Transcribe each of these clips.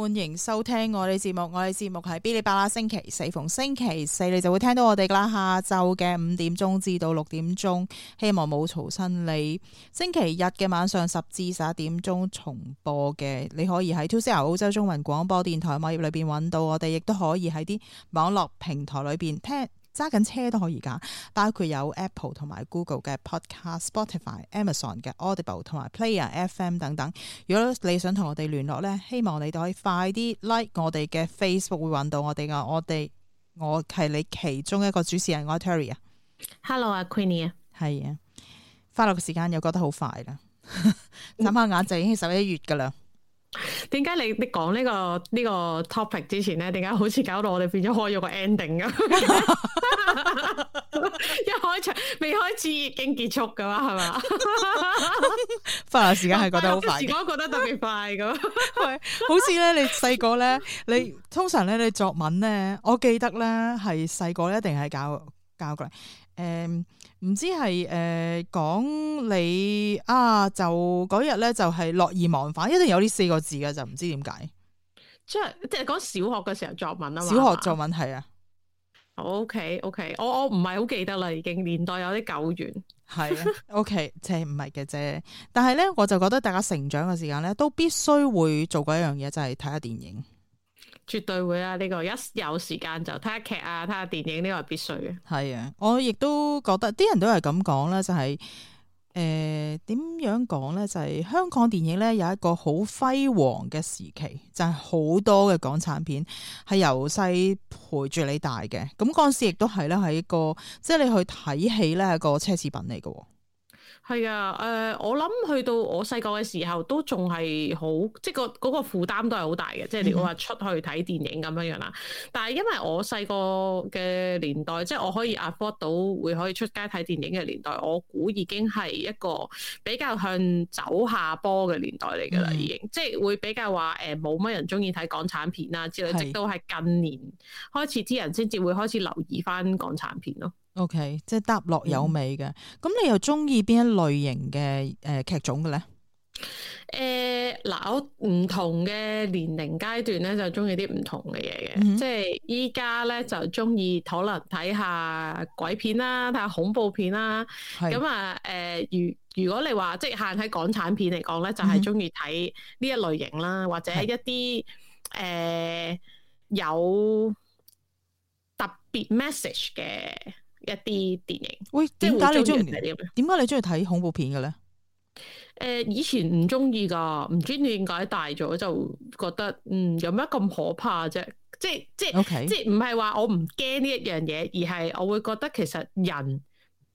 歡迎收聽我哋節目，我哋節目係 Bilibala，星期四逢星期四你就會聽到我哋噶啦，下晝嘅五點鐘至到六點鐘，希望冇嘈醒你。星期日嘅晚上十至十一點鐘重播嘅，你可以喺 2CR 澳洲中文廣播電台網頁裏邊揾到我哋，亦都可以喺啲網絡平台裏邊聽。揸緊車都可以噶，包括有 Apple 同埋 Google 嘅 Podcast、Spotify、Amazon 嘅 Audible 同埋 Player FM 等等。如果你想同我哋聯絡呢，希望你都可以快啲 like 我哋嘅 Facebook 會揾到我哋噶。我哋，我係你其中一個主持人，我 Terry 啊。Hello 啊 Queenie 啊，係啊，花落嘅時間又覺得好快啦，眨下眼就已經十一月噶啦。點解你你講呢、呢個呢、呢個 topic 之前咧？點解好似搞到我哋變咗開咗個 ending 咁？ 一開場未開始已經結束噶嘛？係嘛？翻下時間係覺得好快， 我都覺得特別快咁。 好似咧，你細個咧，你通常咧，你作文咧，我記得咧係細個一定係搞。誒，唔、嗯、知係誒講你啊，就嗰日咧就係樂意忘返，一定有呢四個字嘅就唔知點解，即係即係講小學嘅時候作文啊嘛，小學作文係嗎啊，OK OK，我我唔係好記得啦，已經年代有啲久遠，係、啊，OK，即係唔係嘅啫， 但係咧我就覺得大家成長嘅時間咧都必須會做過一樣嘢，就係睇下電影。絕對會啦、啊！呢、這個一有時間就睇下劇啊，睇下電影呢個係必須嘅。係啊，我亦都覺得啲人都係咁講咧，就係誒點樣講咧？就係、是、香港電影咧有一個好輝煌嘅時期，就係、是、好多嘅港產片係由細陪住你大嘅。咁嗰陣時亦都係咧，係一個即係、就是、你去睇戲咧，係個奢侈品嚟嘅。係啊，誒、呃，我諗去到我細個嘅時候都仲係好，即係嗰個負擔都係好大嘅，即係你話出去睇電影咁樣樣啦。嗯、但係因為我細個嘅年代，即係我可以 afford 到會可以出街睇電影嘅年代，我估已經係一個比較向走下坡嘅年代嚟㗎啦，已經、嗯，即係會比較話誒冇乜人中意睇港產片啦之類，直到係近年開始啲人先至會開始留意翻港產片咯。O、okay, K，即係搭落有尾嘅。咁、嗯、你又中意邊一類型嘅誒劇種嘅咧？誒、呃，嗱、呃，我唔同嘅年齡階段咧，就中意啲唔同嘅嘢嘅。嗯、即係依家咧就中意討論睇下鬼片啦、啊，睇下恐怖片啦。咁啊，誒是、啊呃，如如果你話即係限喺港產片嚟講咧，就係中意睇呢一類型啦，嗯、或者一啲誒是、呃、有特別 message 嘅。一啲電影，即喂，點解你中點解你中意睇恐怖片嘅咧？誒、呃，以前唔中意噶，唔知點解大咗就覺得，嗯，有咩咁可怕啫？即係即係 Okay. 即係唔係話我唔驚呢一樣嘢，而係我會覺得其實人。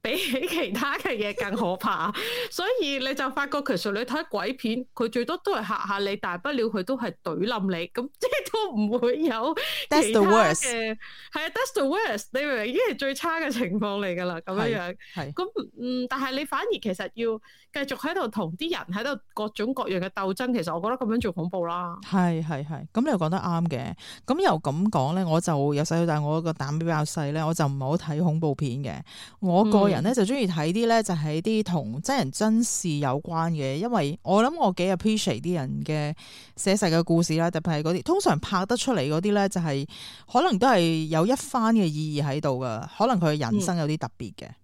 比起其他嘅嘢更可怕， 所以你就發覺其實你睇鬼片，佢最多都係嚇下你，大不了佢都係懟冧你，咁即係都唔會有 w o 其他嘅係啊。That's the, that's the worst，你明唔明？已經係最差嘅情況嚟㗎啦，咁樣樣。係。咁嗯，但係你反而其實要。繼續喺度同啲人喺度各種各樣嘅鬥爭，其實我覺得咁樣做恐怖啦。係係係，咁你又講得啱嘅。咁又咁講咧，我就由細到大，但我個膽比較細咧，我就唔係好睇恐怖片嘅。我個人咧就中意睇啲咧就係啲同真人真事有關嘅，因為我諗我幾 appreciate 啲人嘅寫實嘅故事啦，特別係嗰啲通常拍得出嚟嗰啲咧，就係可能都係有一番嘅意義喺度噶，可能佢嘅人生有啲特別嘅。嗯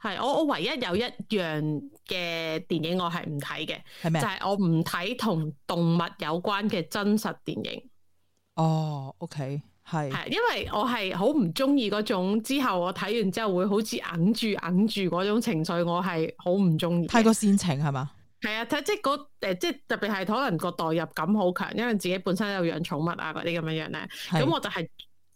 係我我，唯一有一樣嘅電影我係唔睇嘅。係咩？就係我唔睇同動物有關嘅真實電影。哦、oh，OK，係係，因為我係好唔中意嗰種，之後我睇完之後會好似忍住忍住嗰種情緒，我係好唔中意。太過煽情係嘛？係啊，睇即係嗰誒，即係、呃、特別係可能個代入感好強，因為自己本身有養寵物啊嗰啲咁樣樣咧，咁是我就係、是。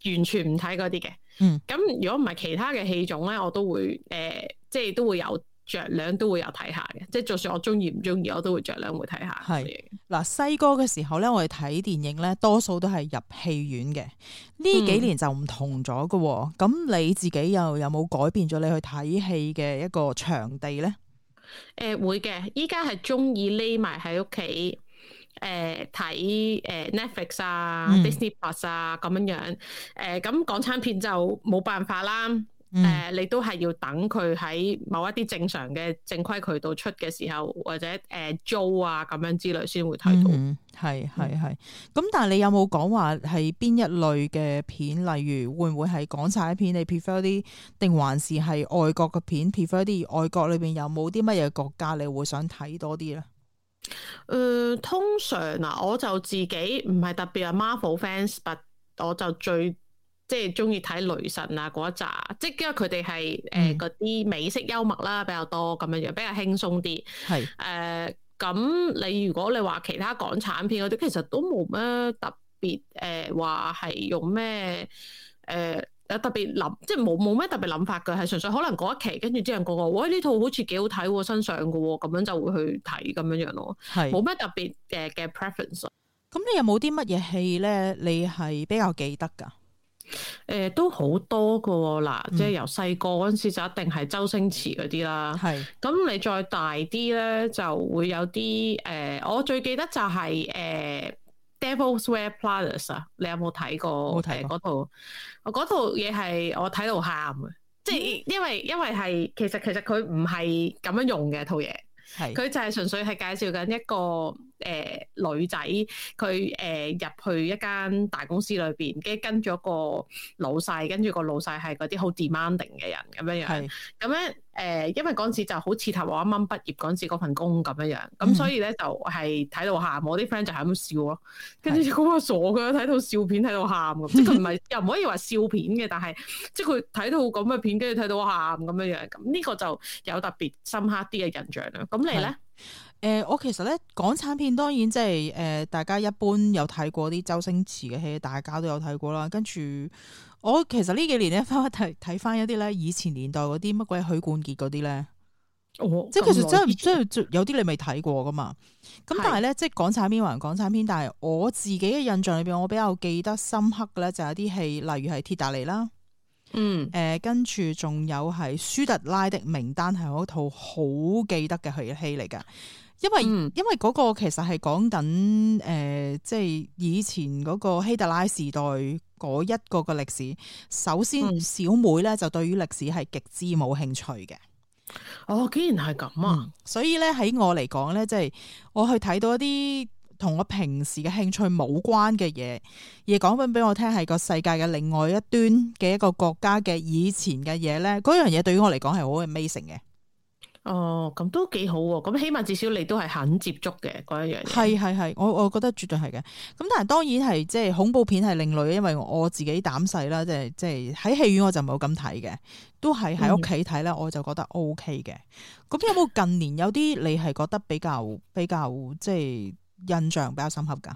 完全唔睇嗰啲嘅，咁、嗯、如果唔係其他嘅戲種咧，我都會誒、呃，即係都會有着兩都會有睇下嘅，即係就算我中意唔中意，我都會着兩會睇下。係嗱細個嘅時候咧，我哋睇電影咧，多數都係入戲院嘅。呢幾年就唔同咗噶，咁、嗯、你自己又有冇改變咗你去睇戲嘅一個場地咧？誒、呃，會嘅，依家係中意匿埋喺屋企。誒睇誒、呃、Netflix 啊、嗯、Disney Plus 啊咁樣樣，誒、呃、咁港產片就冇辦法啦。誒、嗯呃、你都係要等佢喺某一啲正常嘅正規渠道出嘅時候，或者誒租、呃、啊咁樣之類先會睇到。係係係。咁、嗯、但係你有冇講話係邊一類嘅片？例如會唔會係港產片你？你 prefer 啲定還是係外國嘅片 prefer 啲？外國裏邊有冇啲乜嘢國家你會想睇多啲咧？誒、嗯，通常啊，我就自己唔係特別係 Marvel fans，但我就最即係中意睇雷神啊嗰一紮，即係因為佢哋係誒嗰啲美式幽默啦，比較多咁樣樣，比較輕鬆啲。係誒是，咁、呃、你如果你話其他港產片嗰啲，其實都冇咩特別誒、話、呃、係用咩誒。呃有特別諗，即係冇冇咩特別諗法㗎，係純粹可能嗰一期，跟住之後個個，喂，呢套好似幾好睇喎，新上嘅喎，咁樣就會去睇咁樣樣咯。係冇咩特別誒嘅 preference。咁你有冇啲乜嘢戲咧？你係比較記得㗎？誒、欸、都好多㗎嗱，即係由細個嗰陣時就一定係周星馳嗰啲啦。係咁、嗯，你再大啲咧就會有啲誒、呃，我最記得就係、是、誒。呃 Devil's Wear Platters 啊，你有冇睇過？冇睇嗰套，套我嗰套嘢係我睇到喊，即係因為因為係其實其實佢唔係咁樣用嘅套嘢，係佢的就係純粹係介紹緊一個。誒、呃，女仔佢誒入去一間大公司裏邊，著跟住跟咗個老細，跟住個老細係嗰啲好 demanding 嘅人咁樣樣。咁咧誒，因為嗰陣時就好似頭我啱啱畢業嗰陣時嗰份工咁樣樣。咁所以咧就係睇到喊，我啲 friend 就喺度笑咯。跟住嗰個傻嘅睇到笑片，睇到喊，即佢唔係又唔可以話笑片嘅，但係即係佢睇到咁嘅片，跟住睇到喊咁樣樣。咁呢個就有特別深刻啲嘅印象啦。咁你咧？誒、呃，我其實咧港產片當然即係誒，大家一般有睇過啲周星馳嘅戲，大家都有睇過啦。跟住我其實呢幾年咧翻翻睇睇翻一啲咧以前年代嗰啲乜鬼許冠傑嗰啲咧，哦、即係其實真真，真有啲你未睇過噶嘛。咁但係咧是即係港產片還港產片，但係我自己嘅印象裏邊，我比較記得深刻嘅咧就係啲戲，例如係鐵達尼啦，嗯，誒、呃，跟住仲有係舒特拉的名單係嗰套好記得嘅戲嚟噶。因為因為嗰個其實係講緊誒，即係以前嗰個希特拉時代嗰一個嘅歷史。首先，小妹咧、嗯、就對於歷史係極之冇興趣嘅。哦，竟然係咁啊、嗯！所以咧喺我嚟講咧，即係我去睇到一啲同我平時嘅興趣冇關嘅嘢，而講緊俾我聽係個世界嘅另外一端嘅一個國家嘅以前嘅嘢咧，嗰樣嘢對於我嚟講係好 amazing 嘅。哦，咁都幾好喎、哦！咁起碼至少你都係肯接觸嘅嗰一樣。係係係，我我覺得絕對係嘅。咁但係當然係即係恐怖片係另類，因為我自己膽細啦，即係即係喺戲院我就冇咁睇嘅，都係喺屋企睇啦，嗯、我就覺得 O K 嘅。咁有冇近年有啲你係覺得比較 比較即係印象比較深刻㗎？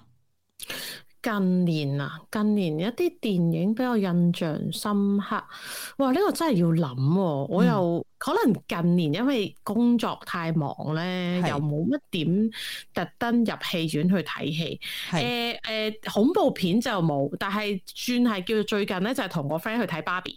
近年啊，近年一啲電影畀我印象深刻，哇！呢、這個真係要諗、啊，我又、嗯、可能近年因為工作太忙咧，是又冇乜點特登入戲院去睇戲。誒誒是、呃呃，恐怖片就冇，但係算係叫做最近咧就係、是、同我 friend 去睇《芭比、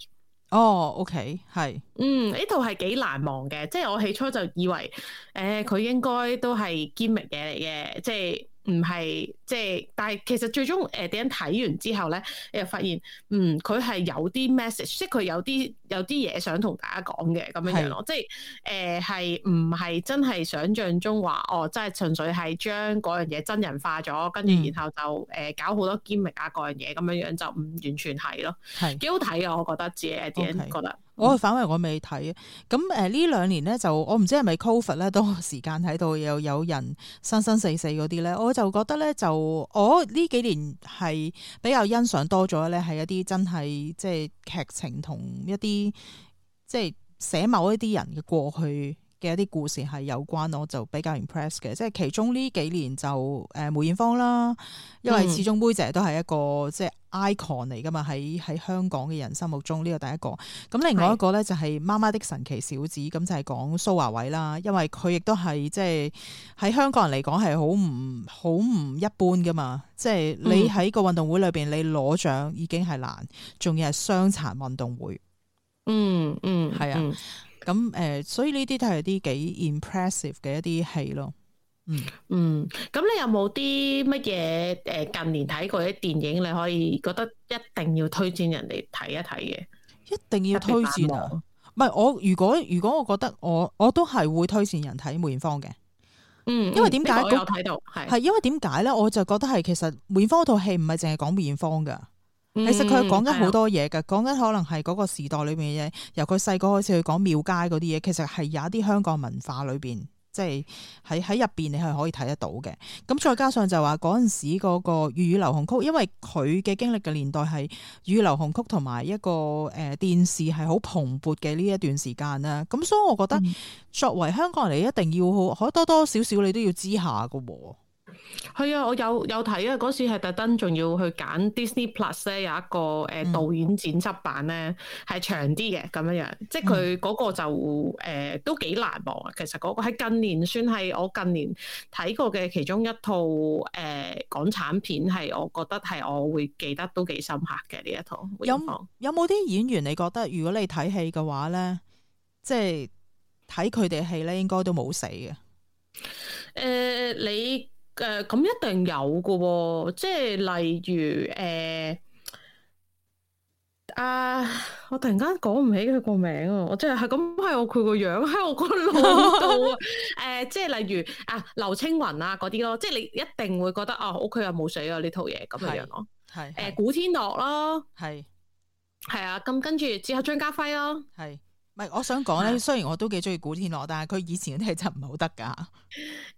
哦》哦，OK，係，嗯，呢套係幾難忘嘅，即係我起初就以為誒佢、呃、應該都係 Gimmick 嘢嚟嘅，即係。唔係即係，但係其實最終誒 d a n 睇完之後咧，又發現嗯佢係有啲 message，即係佢有啲有啲嘢想同大家講嘅咁樣樣咯，是即係誒係唔係真係想像中話哦，真係純粹係將嗰樣嘢真人化咗，跟住然後就誒、嗯、搞好多兼言啊嗰樣嘢咁樣樣就唔完全係咯，幾是好睇嘅我覺得，自己 d a n 覺得。我反為我未睇，咁誒呢兩年咧，就我唔知係咪 COVID 咧多時間喺度又有人生生死死嗰啲咧，我就覺得咧就我呢幾年係比較欣賞多咗咧，係一啲真係即係劇情同一啲即係寫某一啲人嘅過去。嘅一啲故事係有關，我就比較 impress 嘅。即係其中呢幾年就誒、呃、梅艷芳啦，因為始終梅姐都係一個即係 icon 嚟㗎嘛。喺喺香港嘅人心目中，呢、這個第一個。咁另外一個咧是就係《媽媽的神奇小子》，咁就係講蘇華偉啦。因為佢亦都係即係喺香港人嚟講係好唔好唔一般㗎嘛。即係你喺個運動會裏邊你攞獎已經係難，仲要係傷殘運動會。嗯嗯，係、嗯、啊。嗯。咁誒，所以呢啲都係啲幾 impressive 嘅一啲戲咯。嗯嗯，咁你有冇啲乜嘢誒近年睇過啲電影，你可以覺得一定要推薦人哋睇一睇嘅？一定要推薦啊！唔係我如果如果我覺得我我都係會推薦人睇梅艷芳嘅、嗯。嗯，因為點解？我有睇到係因為點解咧？我就覺得係其實梅艷芳套戲唔係淨係講梅艷芳㗎。其實佢講緊好多嘢嘅，講緊、嗯、可能係嗰個時代裏面嘅嘢，由佢細個開始去講廟街嗰啲嘢，其實係有一啲香港文化裏邊，即係喺喺入邊你係可以睇得到嘅。咁再加上就話嗰陣時嗰個粵語流行曲，因為佢嘅經歷嘅年代係粵語流行曲同埋一個誒電視係好蓬勃嘅呢一段時間啦。咁所以我覺得作為香港人嚟，一定要好多多少，少少你都要知下嘅喎。係啊，我有有睇啊，嗰時係特登仲要去揀 Disney Plus 咧，有一個誒導演剪輯版咧，係、嗯、長啲嘅咁樣樣，即係佢嗰個就誒、嗯呃、都幾難忘啊。其實嗰、嗰個喺近年算係我近年睇過嘅其中一套誒、呃、港產片，係我覺得係我會記得都幾深刻嘅呢一套。一套有有冇啲演員你覺得，如果你睇戲嘅話咧，即係睇佢哋戲咧，應該都冇死嘅。誒，你？誒，咁一定有嘅，即係例如誒，啊，我突然間講唔起佢個名啊！我即係係咁係我佢個樣，係我個腦度啊！誒，即係例如啊，劉青雲啊嗰啲咯，即係你一定會覺得啊，屋企啊，冇水啊呢套嘢，咁嘅樣咯，係誒，古天樂咯，係係啊，咁跟住之後張家輝咯，係。唔係，我想講咧，雖然我都幾中意古天樂，但係佢以前嗰啲係真唔好得噶。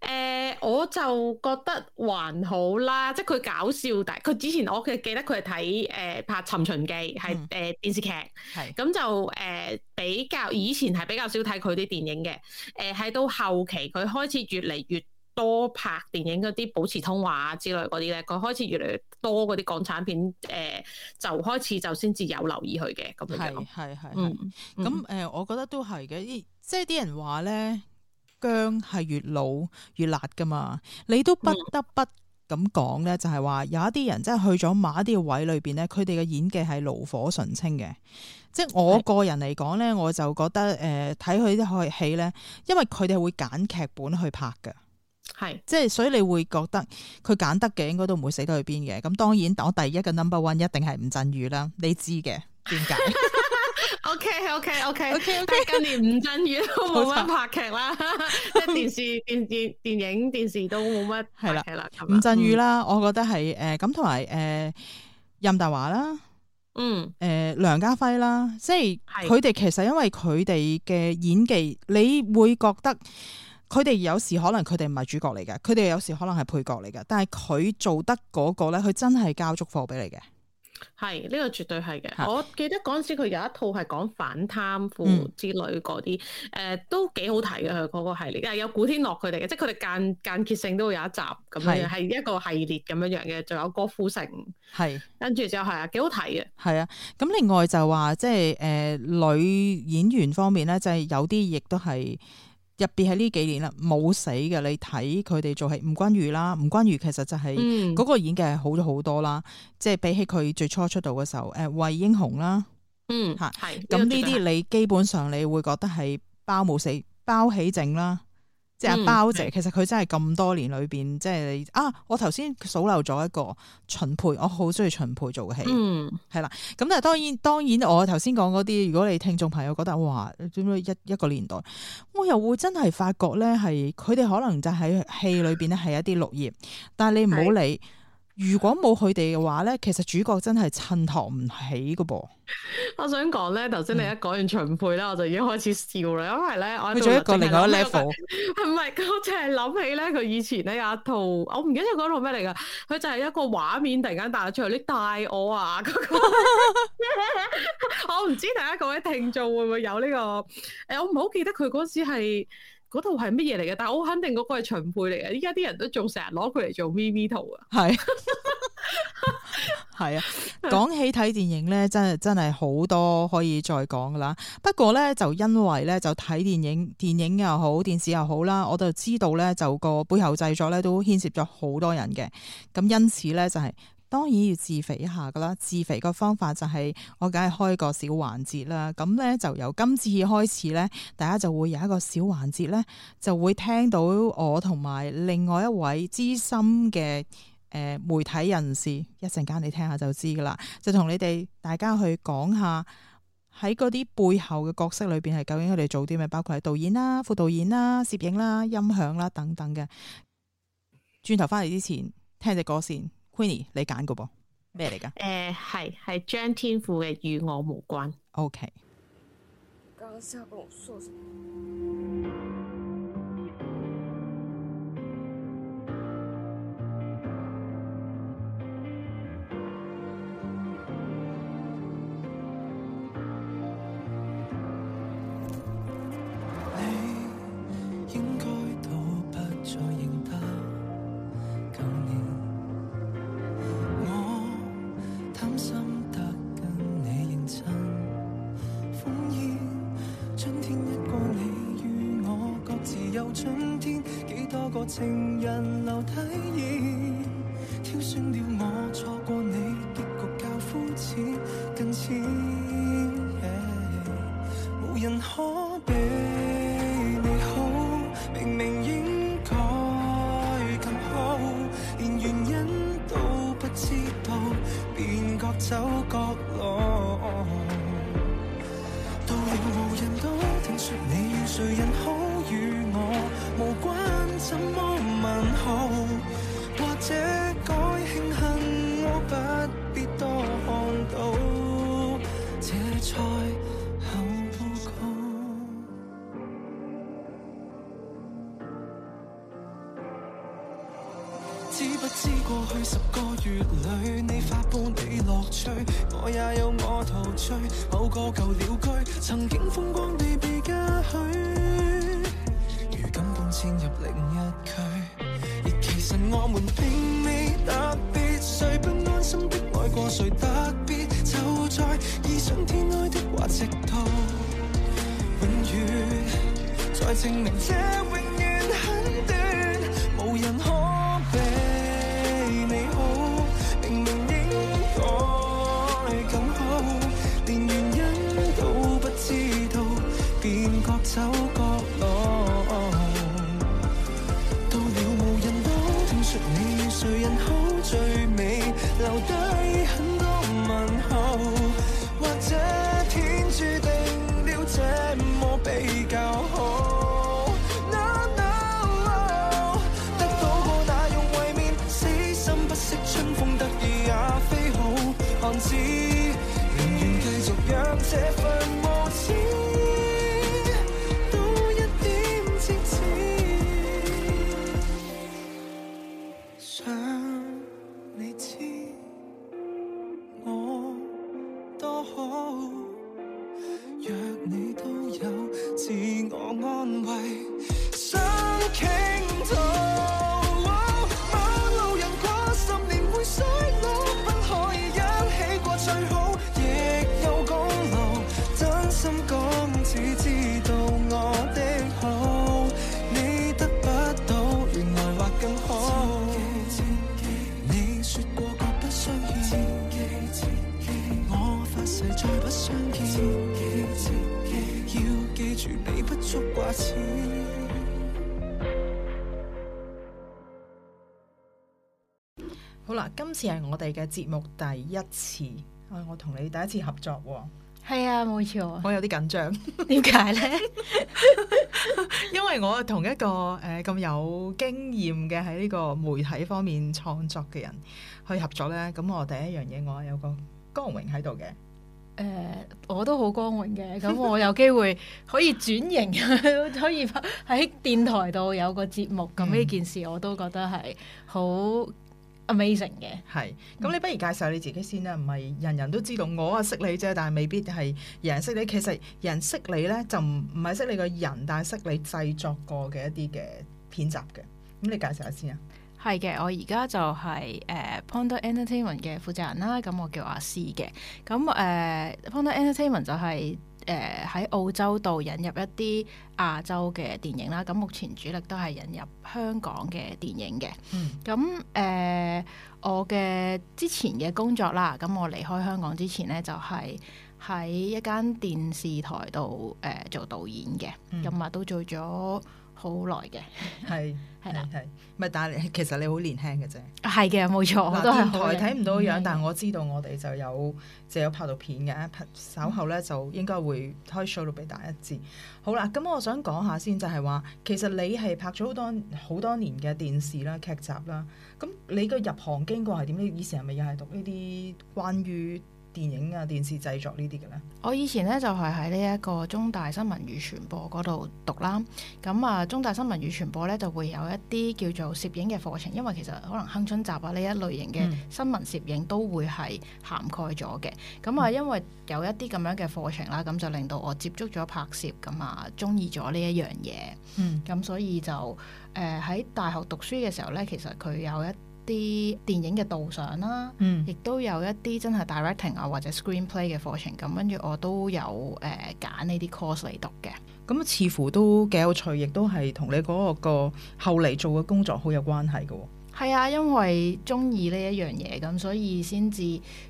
誒、呃，我就覺得還好啦，即係佢搞笑，但係佢之前我嘅記得佢係睇誒拍《尋秦記》，係誒、嗯呃、電視劇，係咁是就誒、呃、比較以前係比較少睇佢啲電影嘅。誒、呃，係到後期佢開始越嚟越。多拍電影嗰啲保持通話之類嗰啲咧，佢開始越嚟越多嗰啲港產片誒、呃，就開始就先至有留意佢嘅，咁係系系，咁誒、嗯呃，我覺得都係嘅。即係啲人話咧，姜係越老越辣噶嘛。你都不得不咁講咧，嗯、就係話有一啲人真係去咗某一啲位裏邊咧，佢哋嘅演技係爐火純青嘅。即係我個人嚟講咧，是我就覺得誒，睇佢啲戲咧，因為佢哋會揀劇本去拍噶。係，即係所以你會覺得佢揀得嘅應該都唔會死到去邊嘅。咁當然，我第一個 number one 一定係吳鎮宇啦，你知嘅，點解？OK OK OK OK 今年吳鎮宇都冇乜拍劇啦，即係電視、電電電影、電視都冇乜係啦。吳鎮宇啦，我覺得係誒咁，同埋誒任達華啦，嗯，誒梁家輝啦，即係佢哋其實因為佢哋嘅演技，你會覺得。佢哋有時可能佢哋唔係主角嚟嘅，佢哋有時可能係配角嚟嘅。但係佢做得嗰、那個咧，佢真係交足貨俾你嘅。係呢、這個絕對係嘅。是我記得嗰陣時佢有一套係講反貪腐之類嗰啲，誒、嗯呃、都幾好睇嘅。佢個系列有古天樂佢哋嘅，即係佢哋間間歇性都會有一集咁是樣，係一個系列咁樣樣嘅。仲有郭富城，係跟住之後係啊，幾好睇嘅。係啊，咁另外就話即係誒、呃、女演員方面咧，就係有啲亦都係。入邊係呢幾年啦，冇死嘅。你睇佢哋做戲吳君如啦，吳君如其實就係嗰個演技係好咗好多啦，嗯、即係比起佢最初出道嘅時候，誒、呃，衛英雄啦，嗯吓係咁呢啲，你基本上你會覺得係包冇死包起整啦。即係包姐，嗯、其實佢真係咁多年裏邊，即係啊！我頭先數漏咗一個秦沛，我好中意秦沛做戲，係啦、嗯。咁但係當然當然，當然我頭先講嗰啲，如果你聽眾朋友覺得哇，點解一一個年代，我又會真係發覺咧係佢哋可能就喺戲裏邊咧係一啲綠葉，但係你唔好理。如果冇佢哋嘅話咧，其實主角真係襯托唔起噶噃。我想講咧，頭先你一講完秦沛咧、嗯，我就已經開始笑啦，因為咧，我做一個，一個另外一 level。係唔係？我淨係諗起咧，佢以前咧有一套，我唔記得嗰套咩嚟噶。佢就係一個畫面突然間打咗出嚟，你帶我啊！我唔知大家各位聽眾會唔會有呢、這個？誒、欸，我唔好記得佢嗰時係。嗰套係乜嘢嚟嘅？但係我肯定嗰個係秦沛嚟嘅。依家啲人都仲成日攞佢嚟做 V V 圖啊！係係啊！講 起睇電影咧，真係真係好多可以再講噶啦。nationwide 不過咧，就因為咧，就睇電影、電影又好、電視又好啦，我就知道咧，就個背後製作咧都牽涉咗好多人嘅。咁因此咧，就係。當然要自肥一下噶啦。自肥個方法就係、是、我梗係開個小環節啦。咁咧就由今次開始咧，大家就會有一個小環節咧，就會聽到我同埋另外一位資深嘅誒、呃、媒體人士，一陣間，你聽下就知噶啦。就同你哋大家去講下喺嗰啲背後嘅角色裏邊係究竟佢哋做啲咩，包括係導演啦、副導演啦、攝影啦、音響啦等等嘅。轉頭返嚟之前，聽隻歌先。Queenie，你揀個噃咩嚟㗎？誒係係張天賦嘅與我無關。OK。 春天，幾多個情人留體熱？節目第一次，哎、我同你第一次合作喎、哦，係啊冇錯，我有啲緊張，點 解呢？ 因為我同一個誒咁、呃、有經驗嘅喺呢個媒體方面創作嘅人去合作呢。咁我第一樣嘢我有個光榮喺度嘅，誒、呃、我都好光榮嘅，咁我有機會可以轉型， 可以喺電台度有個節目，咁呢件事我都覺得係好。Amazing 嘅，係咁你不如介紹你自己先啦，唔係人人都知道我啊識你啫，但係未必係人識你。其實人識你咧，就唔唔係識你個人，但係識你製作過嘅一啲嘅片集嘅。咁你介紹下先啊。係嘅，我而家就係、是、誒、uh, Ponder Entertainment 嘅負責人啦。咁我叫阿 C 嘅。咁誒、uh, Ponder Entertainment 就係、是。誒喺、呃、澳洲度引入一啲亞洲嘅電影啦，咁目前主力都係引入香港嘅電影嘅。咁誒、嗯呃，我嘅之前嘅工作啦，咁我離開香港之前咧，就係、係、喺一間電視台度誒、呃、做導演嘅，咁啊、嗯嗯、都做咗好耐嘅。係。係係，但係其實你好年輕嘅啫。係嘅，冇錯，啦我都係台睇唔到樣，嗯、但係我知道我哋就有就有拍到片嘅，稍後咧就應該會開 show 到俾大家一知。好啦，咁、嗯嗯、我想講下先就，就係話其實你係拍咗好多好多年嘅電視啦、劇集啦，咁你嘅入行經過係點咧？以前係咪又係讀呢啲關於？電影啊、電視製作呢啲嘅咧，我以前咧就係喺呢一個中大新聞與傳播嗰度讀啦。咁啊，中大新聞與傳播咧就會有一啲叫做攝影嘅課程，因為其實可能鏗鏘集啊呢一類型嘅新聞攝影都會係涵蓋咗嘅。咁、嗯、啊，因為有一啲咁樣嘅課程啦，咁就令到我接觸咗拍攝咁啊，中意咗呢一樣嘢。嗯。咁所以就誒喺、呃、大學讀書嘅時候咧，其實佢有一。啲電影嘅導賞啦，嗯，亦都有一啲真係 directing 啊，或者 screenplay 嘅課程咁，跟住我都有誒揀呢啲 course 嚟讀嘅。咁似乎都幾有趣，亦都係同你嗰、那個、個後嚟做嘅工作好有關係嘅、哦。係啊，因為中意呢一樣嘢咁，所以先至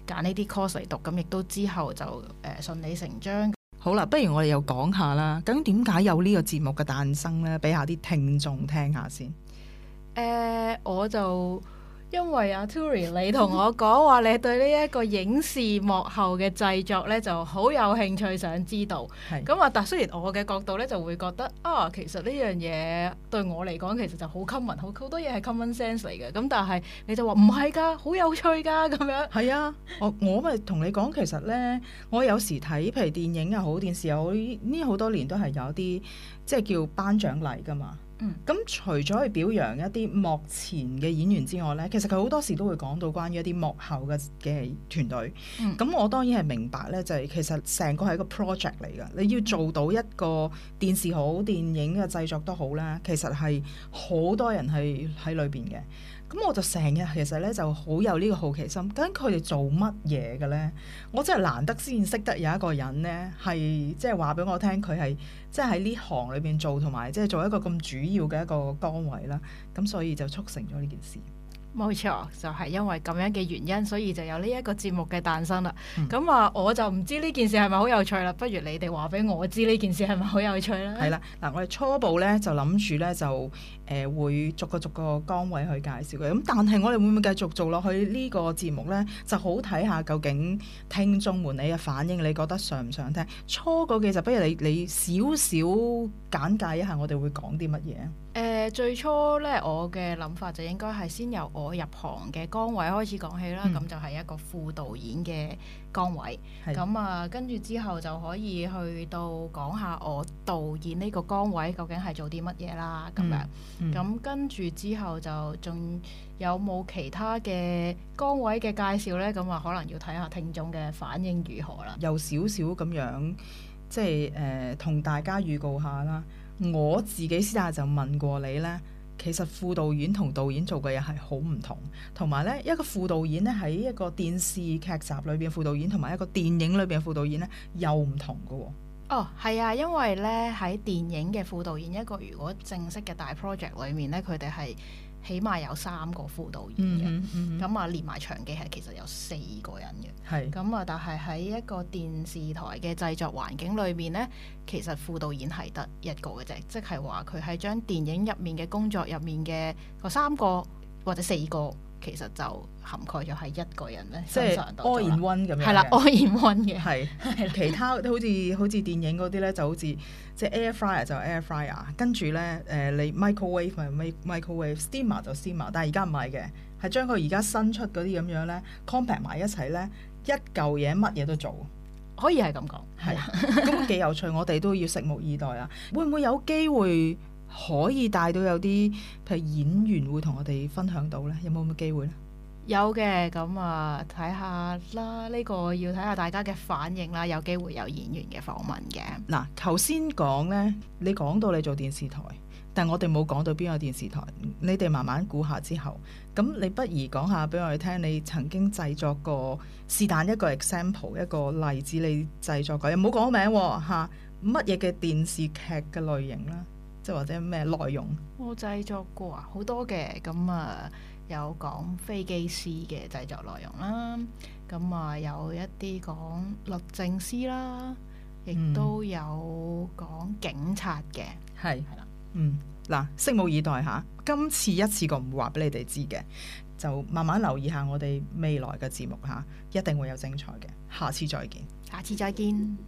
揀呢啲 course 嚟讀。咁亦都之後就誒順、呃、理成章。好啦，不如我哋又講下啦。咁點解有呢個節目嘅誕生咧？俾下啲聽眾聽下先。誒、呃，我就～因為阿 Turi 你同我講話，你對呢一個影視幕後嘅製作咧，就好有興趣，想知道。咁啊是，但雖然我嘅角度咧，就會覺得啊，其實呢樣嘢對我嚟講、啊，其實就好 common，好好多嘢係 common sense 嚟嘅。咁但係你就話唔係㗎，好有趣㗎，咁樣。係啊，我我咪同你講，其實咧，我有時睇譬如電影又好，電視又好，呢好多年都係有啲即係叫頒獎禮㗎嘛。咁、嗯、除咗去表揚一啲幕前嘅演員之外咧，其實佢好多時都會講到關於一啲幕後嘅嘅團隊。咁、嗯、我當然係明白咧，就係、是、其實成個係一個 project 嚟噶。你要做到一個電視好、電影嘅製作都好啦，其實係好多人係喺裏邊嘅。咁我就成日其實咧就好有呢個好奇心，究竟佢哋做乜嘢嘅咧？我真係難得先識得有一個人咧，係即係話俾我聽，佢係即係喺呢行裏邊做，同埋即係做一個咁主要嘅一個崗位啦。咁所以就促成咗呢件事。冇錯，就係、是、因為咁樣嘅原因，所以就有呢一個節目嘅誕生啦。咁、嗯、啊，我就唔知呢件事係咪好有趣啦？不如你哋話俾我知呢件事係咪好有趣啦。係啦，嗱，我哋初步咧就諗住咧就。誒會逐個逐個崗位去介紹嘅，咁但係我哋會唔會繼續做落去呢個節目呢？就好睇下究竟聽眾們你嘅反應，你覺得想唔想聽？初個嘅就不如你你少少簡介一下我，我哋會講啲乜嘢？最初呢，我嘅諗法就應該係先由我入行嘅崗位開始講起啦，咁、嗯、就係一個副導演嘅崗位咁啊、嗯嗯，跟住之後就可以去到講下我導演呢個崗位究竟係做啲乜嘢啦。咁樣咁跟住之後就仲有冇其他嘅崗位嘅介紹呢？咁啊，可能要睇下聽眾嘅反應如何啦。有少少咁樣即係誒，同、呃、大家預告下啦。我自己私下就問過你呢。其實副導演同導演做嘅嘢係好唔同，同埋咧一個副導演咧喺一個電視劇集裏邊嘅副導演，同埋一個電影裏邊嘅副導演咧又唔同㗎喎。哦，係啊，因為咧喺電影嘅副導演一個如果正式嘅大 project 裏面咧，佢哋係，起碼有三個副導演嘅，咁啊連埋場記係其實有四個人嘅。咁啊是但係喺一個電視台嘅製作環境裏面呢，其實副導演係得一個嘅啫，即係話佢係將電影入面嘅工作入面嘅嗰三個或者四個其實就涵蓋咗係一個人咧，即係 all in one 咁樣，係啦，all in one 嘅係其他好似好似電影嗰啲咧，就好似即係 air fryer 就 air fryer，跟住咧誒你 microwave 咪 Mic microwave，steamer 就 steamer，但係而家唔係嘅係將佢而家新出嗰啲咁樣咧 compact 埋一齊咧，一嚿嘢乜嘢都做可以係咁講，係咁幾有趣，我哋都要拭目以待啦。會唔會有機會可以帶到有啲譬如演員會同我哋分享到咧？有冇咁嘅機會咧？有嘅，咁啊，睇下啦，呢個要睇下大家嘅反應啦，有機會有演員嘅訪問嘅。嗱，頭先講呢，你講到你做電視台，但我哋冇講到邊個電視台，你哋慢慢估下之後，咁你不如講下俾我哋聽，你曾經製作過是但一個 example 一個例子，例子你製作過，又冇講名喎嚇、啊，乜嘢嘅電視劇嘅類型啦，即或者咩內容？我製作過啊，好多嘅，咁啊。有講飛機師嘅製作內容啦，咁啊有一啲講律政司啦，亦都有講警察嘅，係係啦，嗯嗱，拭目以待吓，今次一次過唔會話俾你哋知嘅，就慢慢留意下我哋未來嘅節目吓，一定會有精彩嘅，下次再見，下次再見。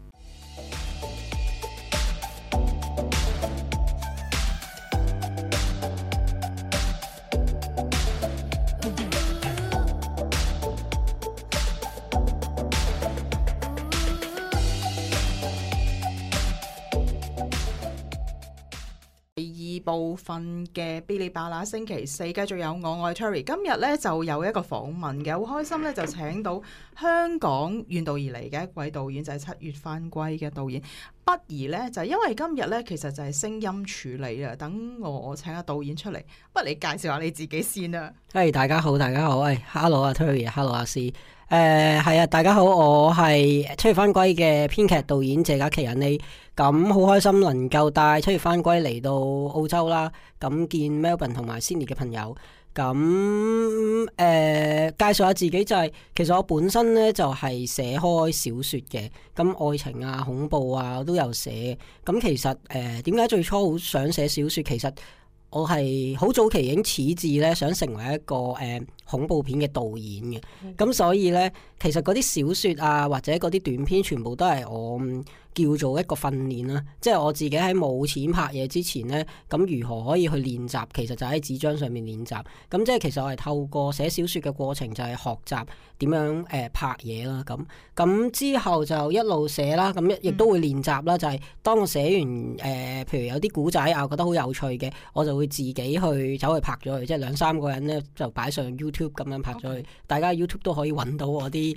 部分嘅嗶哩吧啦，星期四繼續有我愛 Terry。今日咧就有一個訪問嘅，好開心咧就請到香港遠道而嚟嘅一位導演，就係、是、七月返歸嘅導演。不如咧就係、因為今日咧其實就係聲音處理啊，等我請阿導演出嚟，不如你介紹下你自己先啦。嘿，hey, 大家好，大家好，哎、hey，Hello 啊 Terry，Hello 阿 C。誒，係、呃、啊，大家好，我係《七月返歸》嘅編劇導演謝家祺啊，你咁好開心能夠帶《七月返歸》嚟到澳洲啦，咁、嗯、見 Melbourne 同埋 Sydney 嘅朋友，咁、嗯、誒、嗯、介紹下自己就係、是，其實我本身咧就係、是、寫開小說嘅，咁、嗯、愛情啊、恐怖啊都有寫，咁、嗯、其實誒點解最初好想寫小說，其實我係好早期已經始志咧想成為一個誒。呃恐怖片嘅導演嘅，咁所以咧，其實啲小說啊，或者啲短片，全部都係我叫做一個訓練啦。即係我自己喺冇錢拍嘢之前咧，咁如何可以去練習，其實就喺紙張上面練習，咁即係其實我係透過寫小說嘅過程就，就係學習點樣誒拍嘢啦。咁咁之後就一路寫啦。咁亦都會練習啦。嗯、就係當我寫完誒、呃、譬如有啲古仔啊，覺得好有趣嘅，我就會自己去走去拍咗佢。即係兩三個人咧，就擺上 YouTube。咁樣拍咗去，Okay. 大家 YouTube 都可以揾到我啲誒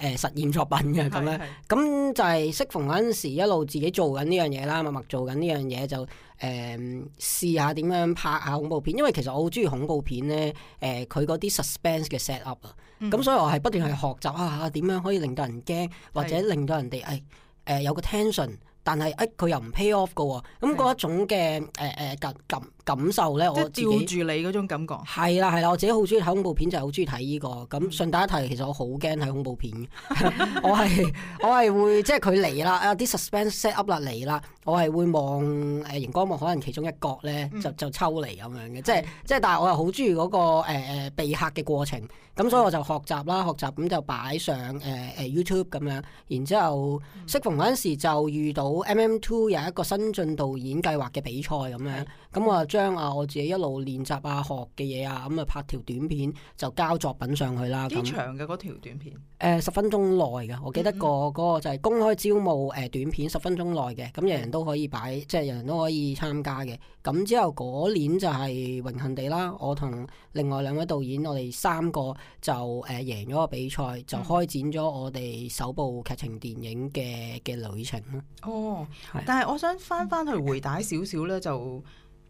誒實驗作品嘅咁樣。咁 就係適逢嗰陣時，一路自己做緊呢樣嘢啦，默默做緊呢樣嘢就誒試下點樣拍下恐怖片，因為其實我好中意恐怖片咧。誒、呃，佢嗰啲 suspense 嘅 set up 啊、嗯，咁所以我係不斷去學習下點、啊、樣可以令到人驚，或者令到人哋誒誒有個 tension。但係，誒、哎、佢又唔 pay off 嘅喎，哦，咁、那個、一種嘅誒誒感感受咧，我吊住你嗰種感覺係啦係啦，我自己好中意睇恐怖片，就係好中意睇呢個，咁順帶一提，其實我好驚睇恐怖片 我係我係會即係佢嚟啦，啊啲 suspense set up 啦嚟啦，我係會望誒熒、呃、光幕，可能其中一角咧就就抽離咁樣嘅，即係即係但係我又好中意嗰個誒誒被嚇嘅過程，咁所以我就學習啦，學習咁就擺上誒誒 YouTube 咁樣，然之後適逢陣時就遇到。M M Two 有一個新進導演計劃嘅比賽咁的樣，咁我就將啊我自己一路練習啊學嘅嘢啊，咁啊拍條短片就交作品上去啦。咁長嘅嗰條短片，誒、呃、十分鐘內嘅，我記得個嗰個就係公開招募誒短片、嗯、十分鐘內嘅，咁人人都可以擺，嗯、即係人人都可以參加嘅。咁之後嗰年就係榮幸地啦，我同另外兩位導演，我哋三個就誒、呃、贏咗個比賽，就開展咗我哋首部劇情電影嘅嘅旅程咯。哦，但係我想翻翻去回帶少少咧， 就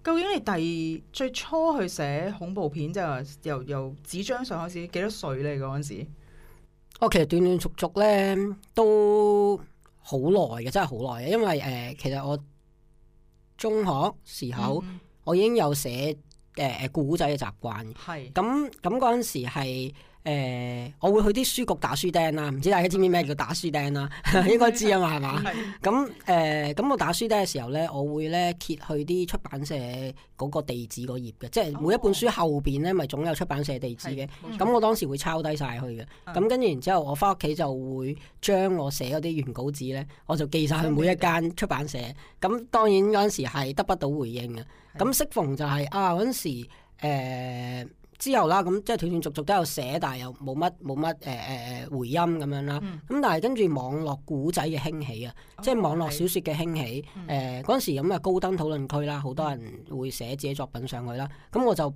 究竟你第最初去寫恐怖片就由由紙張上開始，幾多歲咧嗰陣時？哦，其實斷斷續續咧都好耐嘅，真係好耐嘅，因為誒、呃、其實我。中學時候，嗯、我已經有寫誒誒古仔嘅習慣。係咁咁嗰陣時係。誒、呃，我會去啲書局打書釘啦，唔知大家知唔知咩叫打書釘啦？ 應該知啊嘛，係嘛？ 咁、呃、誒，咁我打書釘嘅時候咧，我會咧揭去啲出版社嗰個地址嗰頁嘅，即係每一本書後邊咧，咪總有出版社地址嘅。咁、哦、我當時會抄低晒去嘅。咁跟住然之後，我翻屋企就會將我寫嗰啲原稿紙咧，我就寄晒去每一間出版社。咁當然嗰陣時係得不到回應嘅。咁是適逢就係、是、啊，嗰陣時、呃之後啦，咁即係斷斷續續都有寫，但係又冇乜冇乜誒誒誒回音咁樣啦。咁、嗯、但係跟住網絡古仔嘅興起啊，嗯、即係網絡小說嘅興起。誒嗰陣時咁咪高登討論區啦，好多人會寫自己作品上去啦。咁我就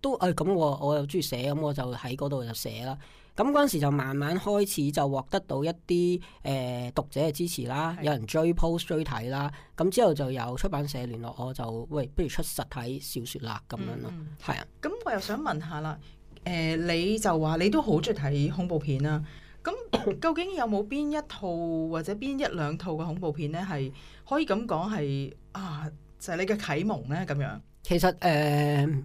都誒咁我我又中意寫，咁我就喺嗰度就寫啦。咁嗰陣時就慢慢開始就獲得到一啲誒、呃、讀者嘅支持啦，的有人追 post 追睇啦，咁之後就有出版社聯絡我就，就喂，不如出實體小說啦咁樣咯。係啊、嗯嗯，咁是我又想問下啦，誒、呃、你就話你都好中意睇恐怖片啊？咁究竟有冇邊一套或者邊一兩套嘅恐怖片咧，係可以咁講係啊，就係、是、你嘅啟蒙咧咁樣？其實誒。呃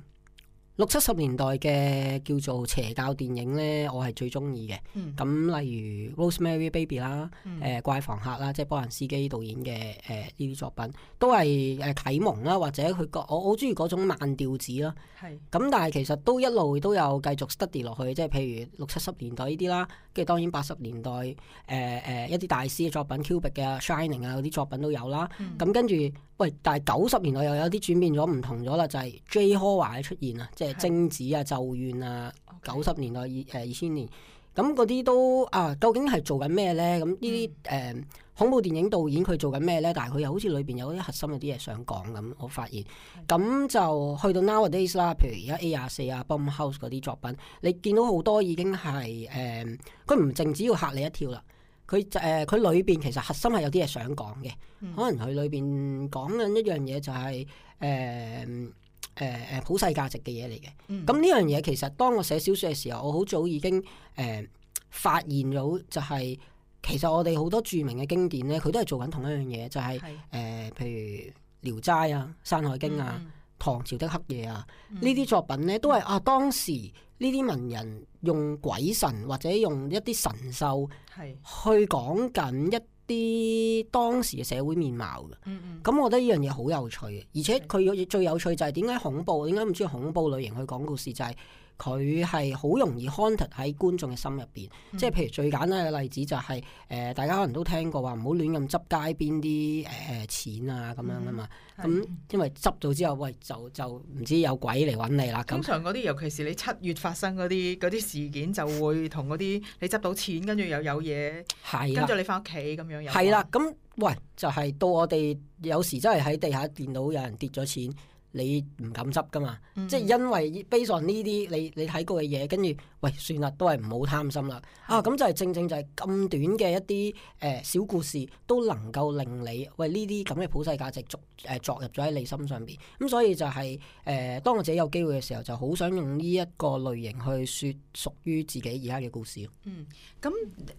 六七十年代嘅叫做邪教電影咧，我係最中意嘅。咁、嗯、例如《Rosemary Baby》啦，誒、嗯《怪房客》啦，即、就、係、是、波蘭斯基導演嘅誒呢啲作品，都係誒啟蒙啦，或者佢個我好中意嗰種慢調子啦。係是。咁但係其實都一路都有繼續 study 落去，即係譬如六七十年代呢啲啦，跟住當然八十年代誒誒、呃呃、一啲大師嘅作品，嗯《Kubrick、呃》嘅、呃《Shining》ic, Sh ining，啊嗰啲作品都有啦。咁跟住。嗯喂，但係九十年代又有啲轉變咗，唔同咗啦，就係、是、J· a h 柯華嘅出現啊，即係貞子啊、咒怨啊，九十年代二誒二千年，咁嗰啲都啊，究竟係做緊咩咧？咁呢啲誒恐怖電影導演佢做緊咩咧？但係佢又好似裏邊有啲核心有啲嘢想講咁，我發現。咁的就去到 Nowadays 啦，譬如而家 A.R. 四啊、Bone House 嗰啲作品，你見到好多已經係誒，佢唔淨止要嚇你一跳啦。佢就誒，佢裏邊其實核心係有啲嘢想講嘅，嗯、可能佢裏邊講緊一樣嘢就係誒誒誒普世價值嘅嘢嚟嘅。咁呢、嗯、樣嘢其實當我寫小説嘅時候，我好早已經誒、呃、發現到就係、是、其實我哋好多著名嘅經典咧，佢都係做緊同一樣嘢，就係、是、誒的、呃、譬如《聊齋》啊、《山海經》啊、嗯、《唐朝的黑夜》啊、嗯、啊，呢啲作品咧都係啊當時。呢啲文人用鬼神或者用一啲神獸，係去講緊一啲當時嘅社會面貌嘅。咁、嗯嗯，我覺得呢樣嘢好有趣嘅，而且佢最有趣就係點解恐怖？點解唔知意恐怖類型去講故事？就係、是。佢係好容易 haunt 喺觀眾嘅心入邊，嗯、即係譬如最簡單嘅例子就係、是、誒、呃，大家可能都聽過話唔好亂咁執街邊啲誒錢啊咁樣噶嘛。咁因為執咗之後，喂，就就唔知有鬼嚟揾你啦。通常嗰啲，尤其是你七月發生嗰啲嗰啲事件，就會同嗰啲你執到錢， 跟住又的有嘢，跟住你翻屋企咁樣。係啦，咁喂，就係、是、到我哋有時真係喺地下見到有人跌咗錢。你唔敢執㗎嘛？嗯嗯，即係因為 base on 呢啲你你睇過嘅嘢，跟住。喂，算啦，都係唔好貪心啦。嗯、啊，咁就係正正就係咁短嘅一啲誒、呃、小故事，都能夠令你喂呢啲咁嘅普世價值逐，逐、呃、誒作入咗喺你心上邊。咁、嗯、所以就係、是、誒、呃，當我自己有機會嘅時候，就好想用呢一個類型去説屬於自己而家嘅故事。嗯，咁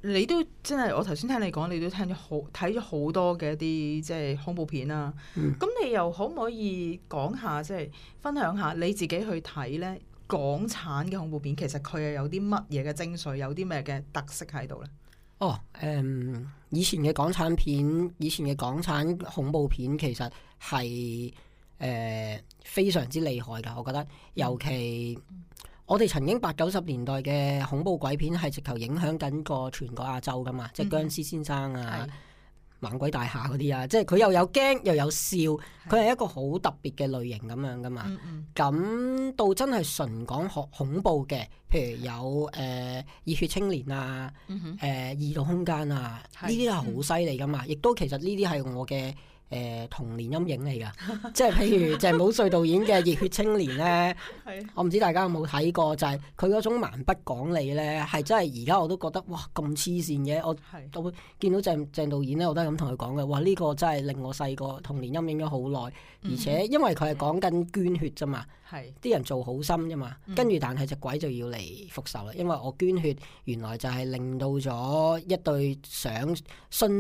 你都真係我頭先聽你講，你都聽咗好睇咗好多嘅一啲即係恐怖片啦、啊。嗯，咁你又可唔可以講下即係、就是、分享下你自己去睇咧？港產嘅恐怖片其實佢又有啲乜嘢嘅精髓，有啲咩嘅特色喺度呢？哦，誒、嗯，以前嘅港產片，以前嘅港產恐怖片其實係誒、呃、非常之厲害噶，我覺得。尤其我哋曾經八九十年代嘅恐怖鬼片係直頭影響緊個全個亞洲噶嘛，嗯、哼即係殭屍先生啊。猛鬼大廈嗰啲啊，即係佢又有驚又有笑，佢係一個好特別嘅類型咁樣噶嘛。咁、mm hmm. 到真係純講恐恐怖嘅，譬如有誒、呃《熱血青年》啊，誒、呃《異度空間》啊，呢啲係好犀利噶嘛。Mm hmm. 亦都其實呢啲係我嘅。誒、呃、童年陰影嚟㗎， 即係譬如鄭保瑞導演嘅《熱血青年》呢， 我唔知大家有冇睇過？就係佢嗰種蠻不講理呢，係真係而家我都覺得哇咁黐線嘅，我我見到鄭鄭導演呢，我都係咁同佢講嘅，哇呢、呢個真係令我細個童年陰影咗好耐，而且因為佢係講緊捐血咋嘛。嗯哼嗯係，啲人做好心啫嘛，跟住、嗯、但係隻鬼就要嚟復仇啦，因為我捐血原來就係令到咗一對想殉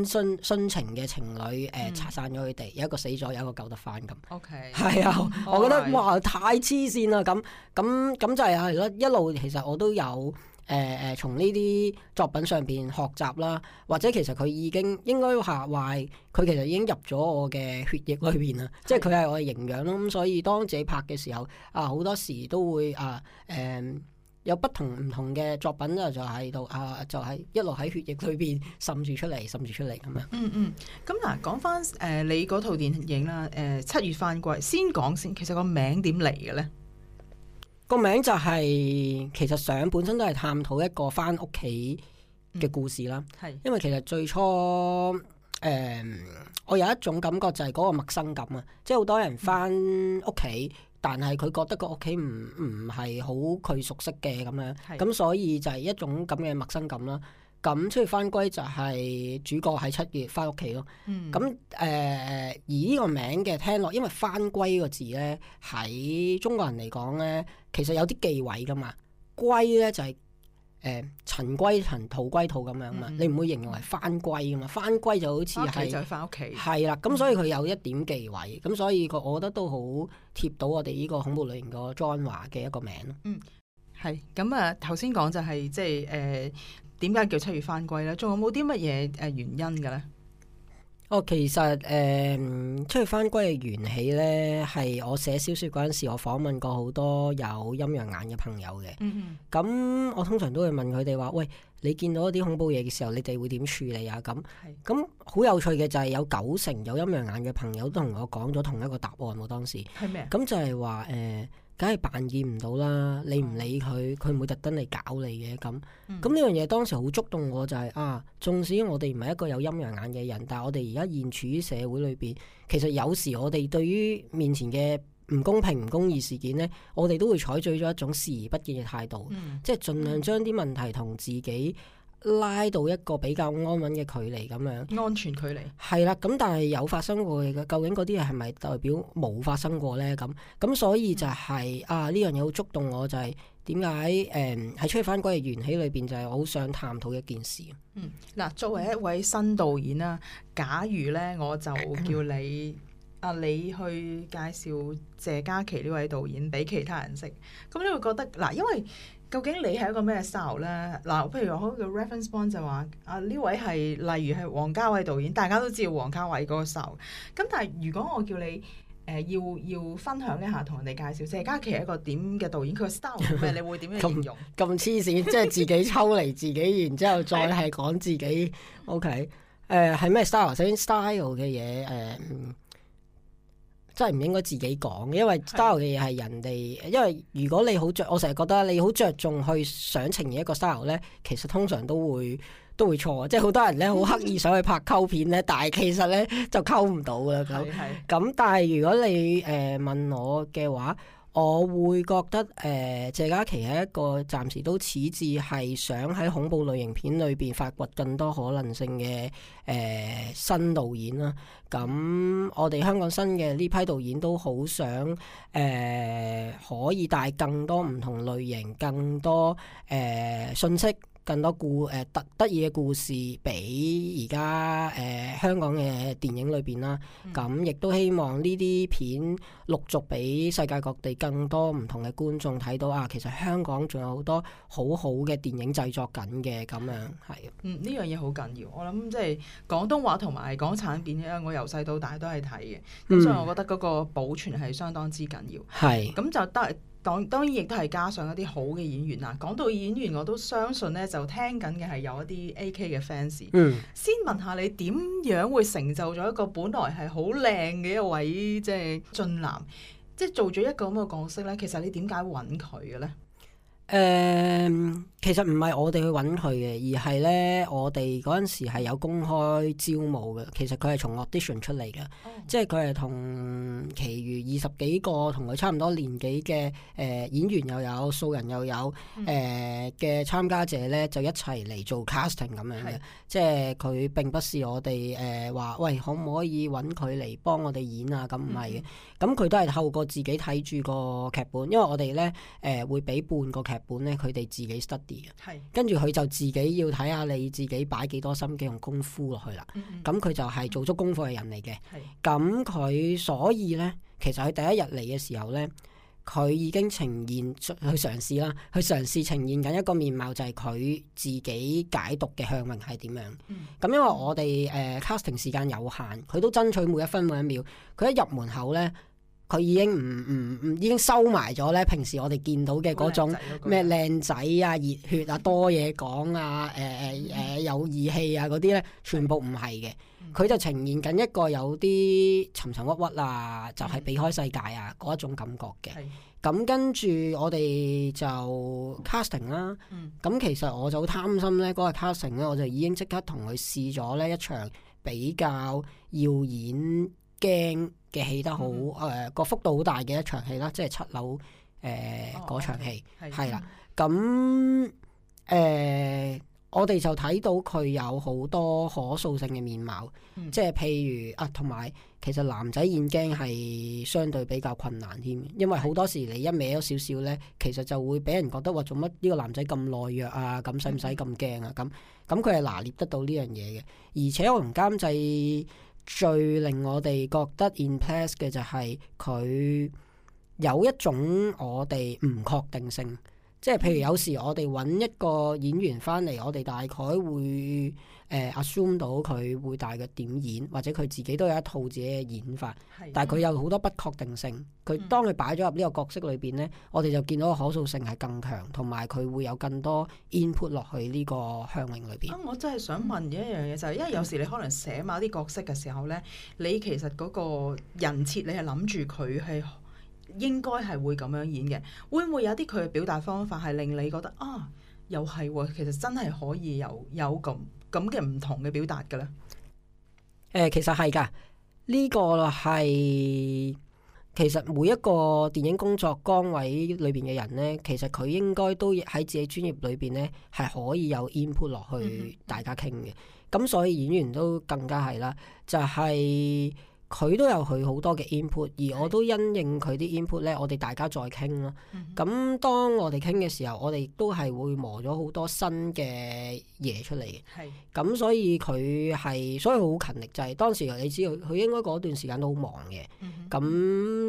殉殉情嘅情侶誒拆散咗佢哋，嗯、有一個死咗，有一個救得翻咁。OK，係、嗯、啊，嗯、我覺得、哎、哇，太黐線啦咁，咁咁就係啊，如果一路其實我都有。誒誒、呃，從呢啲作品上邊學習啦，或者其實佢已經應該嚇壞佢，其實已經入咗我嘅血液裏邊啊！的即係佢係我嘅營養咯。咁所以當自己拍嘅時候，啊好多時都會啊誒、呃、有不同唔同嘅作品啊，就喺度啊，就係一路喺血液裏邊滲住出嚟，滲住出嚟咁樣。嗯嗯，咁、嗯、嗱，講翻誒、呃、你嗰套電影啦，誒、呃、七月返歸先講先，其實個名點嚟嘅咧？個名就係、是、其實想本身都係探討一個返屋企嘅故事啦，嗯、因為其實最初誒、呃，我有一種感覺就係嗰個陌生感啊，即係好多人返屋企，嗯、但係佢覺得個屋企唔唔係好佢熟悉嘅咁樣，咁是所以就係一種咁嘅陌生感啦。咁七月翻歸就係主角喺七月翻屋企咯。咁誒、嗯，嗯嗯、而呢個名嘅聽落，因為翻歸個字呢，喺中國人嚟講呢，其實有啲忌諱噶嘛。歸呢、就是，就係誒，塵歸塵，土歸土咁樣嘛。嗯、你唔會形容為翻歸噶嘛？翻歸就好似係翻屋企，係啦。咁所以佢有一點忌諱，咁、嗯、所以個我覺得都好貼到我哋呢個恐怖類型個 genre 嘅一個名咯。嗯，係。咁啊，頭先講就係、是、即係誒。呃點解叫七月返歸呢？仲有冇啲乜嘢誒原因嘅咧？哦，其實誒、呃、七月返歸嘅緣起呢，係我寫小說嗰陣時，我訪問過好多有陰陽眼嘅朋友嘅。嗯，咁哼我通常都會問佢哋話，喂，你見到一啲恐怖嘢嘅時候，你哋會點處理啊？咁，咁好是有趣嘅就係、是、有九成有陰陽眼嘅朋友都同我講咗同一個答案喎。我當時係咩？咁就係話誒。呃梗係扮見唔到啦，嗯、你唔理佢，佢唔會特登嚟搞你嘅咁。咁呢樣嘢當時好觸動我、就係，就係啊，縱使我哋唔係一個有陰陽眼嘅人，但係我哋而家現處於社會裏邊，其實有時我哋對於面前嘅唔公平、唔公義事件呢，我哋都會採取咗一種視而不見嘅態度，嗯、即係盡量將啲問題同自己，拉到一個比較安穩嘅距離咁樣，安全距離係啦。咁但係有發生過嘅，究竟嗰啲嘢係咪代表冇發生過呢？咁咁所以就係、是嗯、啊，呢樣嘢好觸動我，就係點解誒喺《七月返歸》嘅緣起裏邊，就係我好想探討一件事。嗯，嗱，作為一位新導演啦，假如呢，我就叫你 啊，你去介紹謝家祺呢位導演俾其他人識，咁你會覺得嗱，因為。究竟你係一個咩 style 咧？嗱，譬如我好叫 reference point 就話啊，呢位係例如係王家衛導演，大家都知道王家衛嗰個 style，咁但係如果我叫你誒要要分享一下，同人哋介紹謝家琪係一個點嘅導演，佢嘅 style 係咩？你會點樣形容？咁黐線，即係自己抽嚟自、自己，然之後再係講自己。OK，誒係咩 style 首先？style 嘅嘢誒真係唔應該自己講，因為 style 嘅嘢係人哋。是因為如果你好着，我成日覺得你好着重去想呈現一個 style 咧，其實通常都會都會錯。即係好多人咧好刻意想去拍溝片咧， 但係其實咧就溝唔到㗎啦咁。咁是但係如果你誒、呃、問我嘅話，我會覺得，誒、呃，謝家祺係一個暫時都始至係想喺恐怖類型片裏邊發掘更多可能性嘅，誒、呃，新導演啦、啊。咁、嗯、我哋香港新嘅呢批導演都好想，誒、呃，可以帶更多唔同類型、更多誒、呃、信息。更多故誒，特、呃、得，得意嘅故事比，比而家誒香港嘅電影裏邊啦，咁亦、嗯、都希望呢啲片陸續俾世界各地更多唔同嘅觀眾睇到啊！其實香港仲有好多好好嘅電影製作緊嘅，咁樣，係，嗯，呢樣嘢好緊要，我諗即係廣東話同埋港產片咧，我由細到大都係睇嘅，咁、嗯嗯、所以我覺得嗰個保存係相當之緊要，係，咁就得。講當然亦都係加上一啲好嘅演員啦。講到演員，我都相信咧，就聽緊嘅係有一啲 AK 嘅 fans。嗯，先問下你點樣會成就咗一個本來係好靚嘅一位即係俊男，即係做咗一個咁嘅角色咧。其實你點解揾佢嘅咧？誒、呃，其實唔係我哋去揾佢嘅，而係呢，我哋嗰陣時係有公開招募嘅。其實佢係從 audition 出嚟嘅，Oh. 即係佢係同其餘二十幾個同佢差唔多年紀嘅誒、呃、演員又有素人又有誒嘅、呃 mm hmm. 參加者呢，就一齊嚟做 casting 咁樣嘅。Mm hmm. 即係佢並不是我哋誒話，喂，可唔可以揾佢嚟幫我哋演啊？咁唔係嘅。Mm hmm. 咁佢都係透過自己睇住個劇本，因為我哋咧誒會俾半個劇本咧，佢哋自己 study 嘅是。係，跟住佢就自己要睇下你自己擺幾多心機同功夫落去啦。嗯，嗯，咁佢就係做足功課嘅人嚟嘅。係、嗯嗯，咁佢所以咧，其實佢第一日嚟嘅時候咧，佢已經呈現去嘗試啦，去嘗試呈現緊一個面貌，就係、是、佢自己解讀嘅向榮係點樣。嗯，咁因為我哋誒、呃、casting 時間有限，佢都爭取每一分每一秒。佢一入門口咧。佢已經唔唔唔已經收埋咗咧。平時我哋見到嘅嗰種咩靚仔啊、熱血啊、多嘢講啊、誒誒誒有義氣啊嗰啲咧，全部唔係嘅。佢、嗯、就呈現緊一個有啲沉沉鬱鬱啊，就係、是、避開世界啊嗰一、嗯、種感覺嘅。咁是跟住我哋就 casting 啦、啊。咁、嗯、其實我就好貪心咧，嗰個 casting 咧、啊，我就已經即刻同佢試咗咧一場比較要演驚。嘅戲得好誒，個、嗯呃、幅度好大嘅一場戲啦，即係七樓誒嗰、呃哦、場戲，係啦。咁誒、呃，我哋就睇到佢有好多可塑性嘅面貌，嗯、即係譬如啊，同埋其實男仔演驚係相對比較困難添，因為好多時你一歪咗少少呢，的其實就會俾人覺得話做乜呢個男仔咁懦弱啊，咁使唔使咁驚啊？咁咁佢係拿捏得到呢樣嘢嘅，而且我同監製。最令我哋覺得 in place 嘅就係佢有一種我哋唔確定性。即係譬如有時我哋揾一個演員翻嚟，我哋大概會誒、呃、assume 到佢會大概點演，或者佢自己都有一套自己嘅演法。的但係佢有好多不確定性。佢當佢擺咗入呢個角色裏邊呢，嗯、我哋就見到個可塑性係更強，同埋佢會有更多 input 落去呢個香檳裏邊。啊、嗯，我真係想問一樣嘢，就係、是、因為有時你可能寫埋啲角色嘅時候呢，你其實嗰個人設你係諗住佢係，應該係會咁樣演嘅，會唔會有啲佢嘅表達方法係令你覺得啊，又係其實真係可以有有咁咁嘅唔同嘅表達嘅咧？誒、呃，其實係㗎，呢、呢個係其實每一個電影工作崗位裏邊嘅人咧，其實佢應該都喺自己專業裏邊咧係可以有 input 落去、嗯、哼大家傾嘅，咁所以演員都更加係啦，就係、係。佢都有佢好多嘅 input，而我都因應佢啲 input 呢是，我哋大家再傾咯。咁、嗯、哼當我哋傾嘅時候，我哋都係會磨咗好多新嘅嘢出嚟嘅。咁是所以佢係，所以好勤力就係、是、當時你知佢，佢應該嗰段時間都好忙嘅。咁、嗯、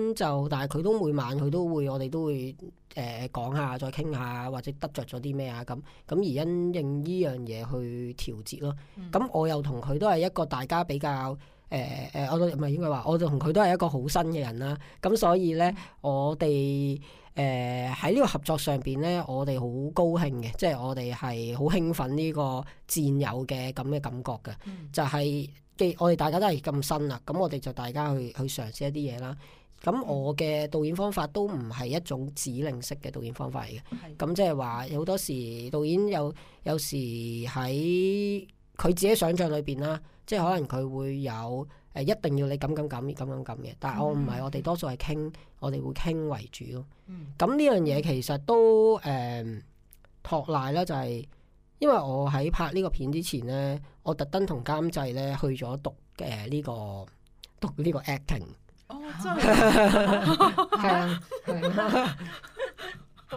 哼就，但係佢都每晚佢都會，我哋都會誒、呃、講下，再傾下或者得着咗啲咩啊咁。咁而因應呢樣嘢去調節咯。咁、嗯、我又同佢都係一個大家比較。誒誒、呃，我唔係應該話，我同佢都係一個好新嘅人啦。咁所以呢，嗯、我哋誒喺呢個合作上邊呢，我哋好高興嘅，即係我哋係好興奮呢個戰友嘅咁嘅感覺嘅，嗯、就係、是、我哋大家都係咁新啦。咁我哋就大家去去嘗試一啲嘢啦。咁我嘅導演方法都唔係一種指令式嘅導演方法嚟嘅。咁即係話好多時導演有有時喺。佢自己想像裏邊啦，即係可能佢會有誒、呃，一定要你咁咁咁咁咁咁嘅。但係我唔係、嗯，我哋多數係傾，我哋會傾為主咯。咁呢、嗯、樣嘢其實都誒、呃、託賴啦、就是，就係因為我喺拍呢個片之前呢，我特登同監製呢去咗讀誒呢、呃這個讀呢個 acting。哦，真係係啊！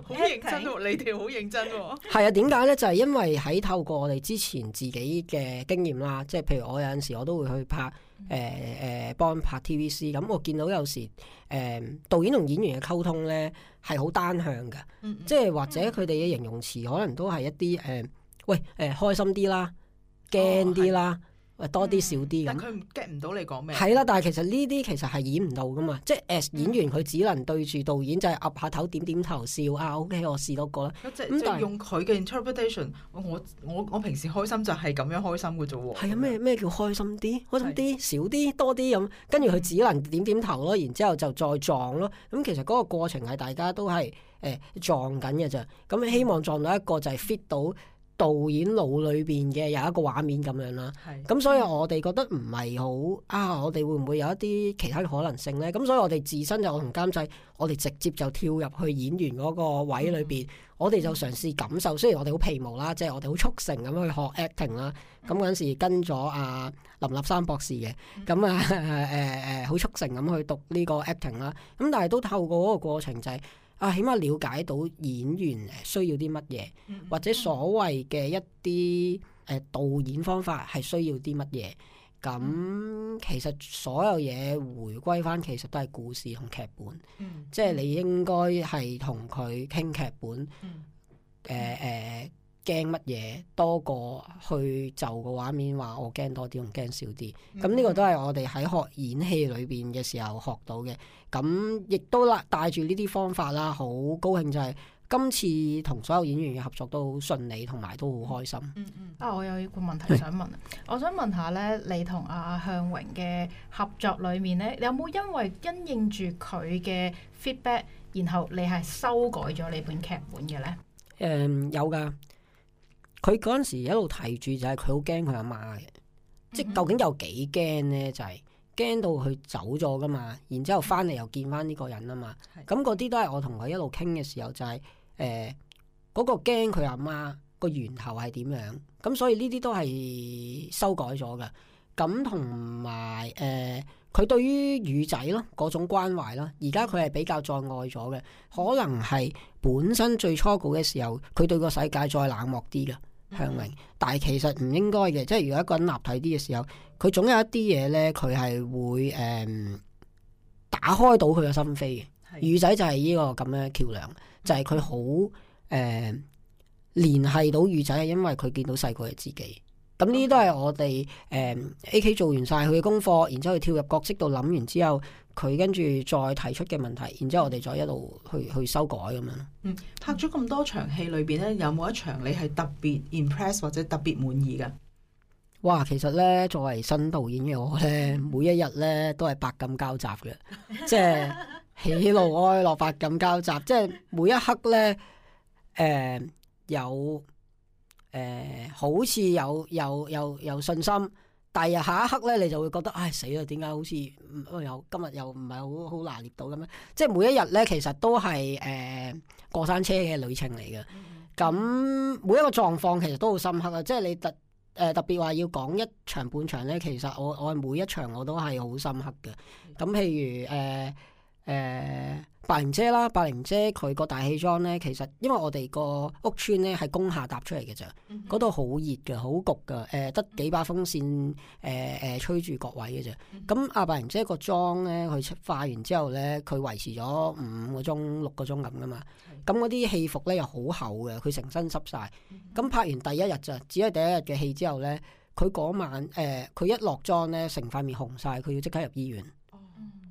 好認真喎！你哋好認真喎、哦！ 係啊，點解呢？就係、是、因為喺透過我哋之前自己嘅經驗啦，即係譬如我有陣時我都會去拍誒誒、呃呃、幫拍 TVC，咁我見到有時誒、呃、導演同演員嘅溝通呢係好單向嘅，嗯嗯嗯即係或者佢哋嘅形容詞可能都係一啲誒、呃，喂誒、呃、開心啲啦，驚啲啦。多啲少啲咁。佢 get 唔到你講咩？係啦，但係其實呢啲其實係演唔到噶嘛，嗯、即係演員佢只能對住導演、嗯、就係揼下頭、點點頭、笑啊。OK，我試多個啦。咁即係用佢嘅 interpretation，我我我平時開心就係咁樣開心嘅啫喎。係啊，咩、嗯、咩叫開心啲？開心啲少啲多啲咁，跟住佢只能點點頭咯，嗯、然之後就再撞咯。咁其實嗰個過程係大家都係誒、欸、撞緊嘅啫。咁希望撞到一個就係 fit 到。導演腦裏邊嘅有一個畫面咁樣啦，咁的所以我哋覺得唔係好啊，我哋會唔會有一啲其他嘅可能性呢？咁所以我哋自身就同監製，嗯、我哋直接就跳入去演員嗰個位裏邊，嗯、我哋就嘗試感受。雖然我哋好皮毛啦，即、就、係、是、我哋好速成咁去學 acting 啦、嗯。咁嗰陣時跟咗阿、啊、林立山博士嘅，咁、嗯、啊誒誒，好、呃、速、呃、成咁去讀呢個 acting 啦、啊。咁但係都透過嗰個過程就係、是。啊，起碼了解到演員需要啲乜嘢，嗯、或者所謂嘅一啲誒、呃、導演方法係需要啲乜嘢。咁、嗯、其實所有嘢回歸返，其實都係故事同劇本，嗯、即係你應該係同佢傾劇本，嗯呃呃驚乜嘢多過去就個畫面話我驚多啲，同驚少啲。咁呢個都係我哋喺學演戲裏邊嘅時候學到嘅。咁亦都啦，帶住呢啲方法啦，好高興就係、是、今次同所有演員嘅合作都好順利，同埋都好開心。嗯嗯。啊，我有一個問題想問。 我想問下咧，你同阿向榮嘅合作裏面咧，你有冇因為因應住佢嘅 feedback，然後你係修改咗你本劇本嘅咧？誒、嗯，有噶。佢嗰陣時一路提住就係佢好驚佢阿媽嘅，即究竟有幾驚呢？就係、是、驚到佢走咗噶嘛，然之後翻嚟又見翻呢個人啊嘛。咁嗰啲都係我同佢一路傾嘅時候就係誒嗰個驚佢阿媽個源頭係點樣？咁所以呢啲都係修改咗嘅。咁同埋誒佢對於魚仔咯嗰種關懷啦，而家佢係比較再愛咗嘅，可能係本身最初稿嘅時候佢對個世界再冷漠啲嘅。向榮，嗯、但係其實唔應該嘅，即係如果一個人立體啲嘅時候，佢總有一啲嘢咧，佢係會誒、嗯、打開到佢嘅心扉嘅。魚仔就係呢個咁嘅橋樑，嗯、就係佢好誒聯繫到魚仔，係因為佢見到細個嘅自己。咁呢啲都係我哋誒、呃、A K 做完晒佢嘅功課，然之後佢跳入角色度諗完之後，佢跟住再提出嘅問題，然之後我哋再一路去去修改咁樣、嗯。拍咗咁多場戲裏邊咧，有冇一場你係特別 impress 或者特別滿意㗎？哇！其實咧，作為新導演嘅我咧，每一日咧都係百感交集嘅， 即係喜怒哀樂百感交集，即係每一刻咧誒、呃、有。誒、呃、好似有有有有信心，但日下一刻咧，你就會覺得唉死啦！點、哎、解好似又今日又唔係好好拿捏到咁咧？即係每一日咧，其實都係誒、呃、過山車嘅旅程嚟嘅。咁、嗯嗯、每一個狀況其實都好深刻啊！即係你特誒、呃、特別話要講一場半場咧，其實我我每一場我都係好深刻嘅。咁譬如誒、呃誒、呃、白蓮姐啦，白蓮姐佢個大戲妝咧，其實因為我哋個屋村咧係工廈搭出嚟嘅咋，嗰度好熱嘅，好焗嘅，誒、呃、得幾把風扇，誒、呃、誒吹住各位嘅啫。咁阿、嗯、哼白蓮姐個妝咧，佢化完之後咧，佢維持咗五個鐘、六個鐘咁噶嘛。咁嗰啲戲服咧又好厚嘅，佢成身濕晒。咁、嗯、哼拍完第一日咋，只係第一日嘅戲之後咧，佢嗰晚誒佢、呃、一落妝咧，成塊面紅晒，佢要即刻入醫院。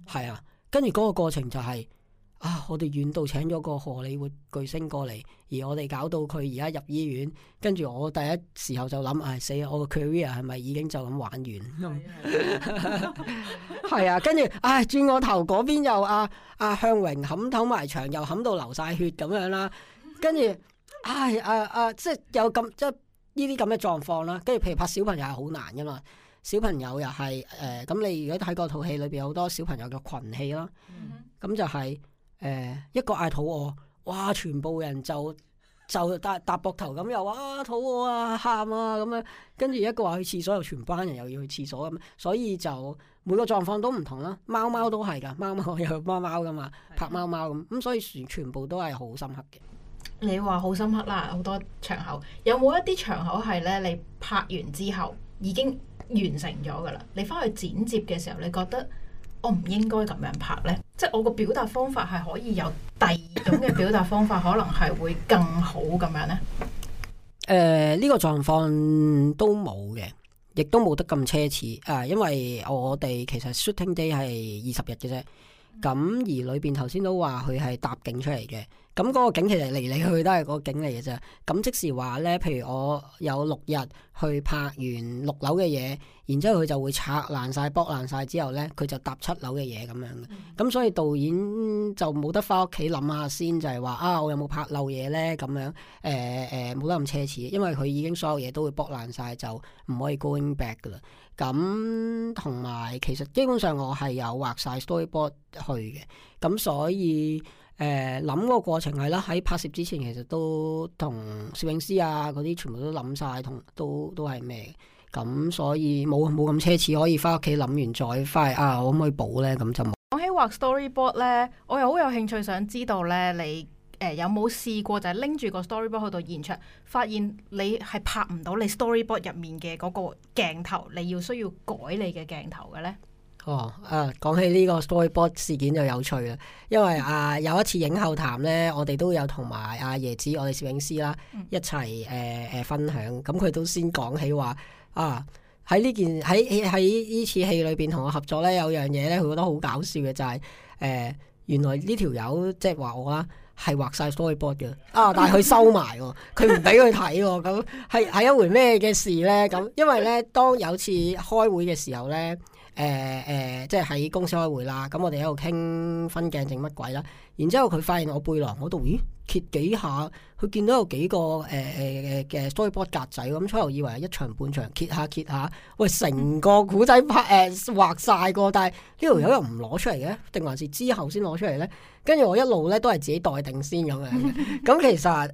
係啊、嗯。跟住嗰個過程就係啊，我哋遠道請咗個荷里活巨星過嚟，而我哋搞到佢而家入醫院。跟住我第一時候就諗唉，死啊！我嘅 career 係咪已經就咁玩完？係啊，跟住唉，轉我頭嗰邊又阿阿向榮冚唞埋牆，又冚到流晒血咁樣啦。跟住唉，啊啊，即係有咁即係呢啲咁嘅狀況啦。跟住譬如拍小朋友係好難噶嘛。小朋友又係誒咁，呃、你如果睇過套戲裏邊好多小朋友嘅群戲咯，咁、嗯、哼就係、是、誒、呃、一個嗌肚餓，哇！全部人就就搭搭膊頭咁又啊，肚餓啊，喊啊咁樣，跟住一個話去廁所，又全班人又要去廁所咁，所以就每個狀況都唔同啦。貓貓都係噶，貓貓有貓貓噶嘛，拍貓貓咁咁，所以全全部都係好深刻嘅。你話好深刻啦，好多場口有冇一啲場口係咧？你拍完之後已經。完成咗噶啦，你翻去剪接嘅時候，你覺得我唔應該咁樣拍呢？即係我個表達方法係可以有第二種嘅表達方法， 可能係會更好咁樣呢。誒、呃、呢、這個狀況都冇嘅，亦都冇得咁奢侈啊、呃！因為我哋其實 shooting day 係二十日嘅啫，咁而裏邊頭先都話佢係搭景出嚟嘅。咁嗰個景其實嚟嚟去去都係嗰個景嚟嘅啫。咁即係話咧，譬如我有六日去拍完六樓嘅嘢，然之後佢就會拆爛晒、剝爛晒之後咧，佢就搭七樓嘅嘢咁樣。咁、嗯、所以導演就冇得翻屋企諗下先就，就係話啊，我有冇拍漏嘢咧？咁樣誒誒，冇得咁奢侈，因為佢已經所有嘢都會剝爛晒，就唔可以 going back 噶啦。咁同埋其實基本上我係有畫曬 storyboard 去嘅，咁所以。誒，諗嗰個過程係啦，喺拍攝之前其實都同攝影師啊嗰啲全部都諗晒，同都都係咩？咁所以冇冇咁奢侈，可以翻屋企諗完再翻啊？我可唔可以補咧？咁就冇講起畫 storyboard 咧，我又好有興趣想知道咧，你誒有冇試過就係拎住個 storyboard 去到現場，發現你係拍唔到你 storyboard 入面嘅嗰個鏡頭，你要需要改你嘅鏡頭嘅咧？哦，誒、啊，講起呢個 Storyboard 事件就有趣啦，因為啊，有一次影後談呢，我哋都有同埋阿椰子，我哋攝影師啦，一齊誒誒分享，咁佢都先講起話啊，喺呢件喺喺呢次戲裏邊同我合作呢，有樣嘢呢，佢覺得好搞笑嘅就係、是、誒、呃，原來呢條友即係話我啦，係畫晒 Storyboard 嘅，啊，但係佢收埋喎，佢唔俾佢睇喎，咁係係一回咩嘅事呢？咁因為呢，當有次開會嘅時候呢。誒誒、呃呃，即係喺公司開會啦，咁我哋喺度傾分鏡定乜鬼啦，然之後佢發現我背囊嗰度，咦，揭幾下。佢見到有幾個誒誒嘅 storyboard 格仔喎，咁初頭以為係一場半場揭下揭下，喂成個古仔拍誒、呃、畫晒個，但係呢條友又唔攞出嚟嘅，定還是之後先攞出嚟咧？跟住我一路咧都係自己待定先咁樣嘅。咁 其實誒係、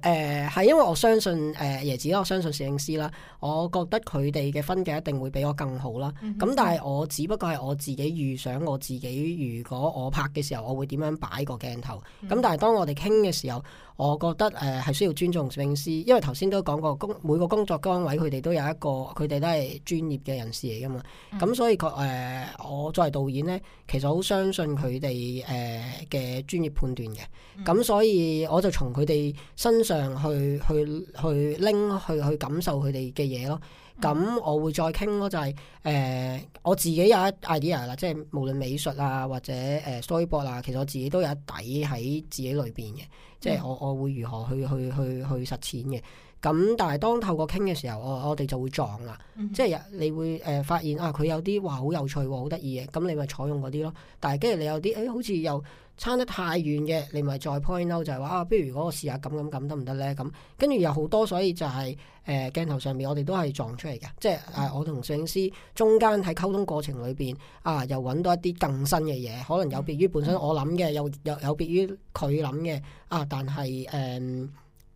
呃、因為我相信誒椰、呃、子啦，我相信攝影師啦，我覺得佢哋嘅分鏡一定會比我更好啦。咁 但係我只不過係我自己預想我自己，如果我拍嘅時候，我會點樣擺個鏡頭？咁 但係當我哋傾嘅時候，我覺得誒係。呃需要尊重攝影師，因為頭先都講過工每個工作崗位，佢哋都有一個，佢哋都係專業嘅人士嚟噶嘛。咁、嗯、所以佢誒、呃，我作為導演咧，其實好相信佢哋誒嘅專業判斷嘅。咁、嗯、所以我就從佢哋身上去去去拎去去感受佢哋嘅嘢咯。咁、嗯、我會再傾咯，就係、是、誒、呃、我自己有一 idea 啦、啊，即係無論美術啊，或者誒 storyboard 啦，其實我自己都有一底喺自己裏邊嘅，嗯、即係我我會如何去去去去實踐嘅。咁但係當透過傾嘅時候，我我哋就會撞啦，嗯、即係你會誒發現啊，佢有啲話好有趣喎，好得意嘅，咁你咪採用嗰啲咯。但係跟住你有啲誒、哎，好似又～差得太遠嘅，你咪再 point out 就係話啊，如如果我咁咁咁，不如嗰個試下咁咁咁得唔得咧？咁跟住有好多，所以就係、是、誒、呃、鏡頭上面我哋都係撞出嚟嘅，即係啊，我同攝影師中間喺溝通過程裏邊啊，又揾到一啲更新嘅嘢，可能有別於本身我諗嘅，又、嗯、有有，有別於佢諗嘅啊，但係誒。呃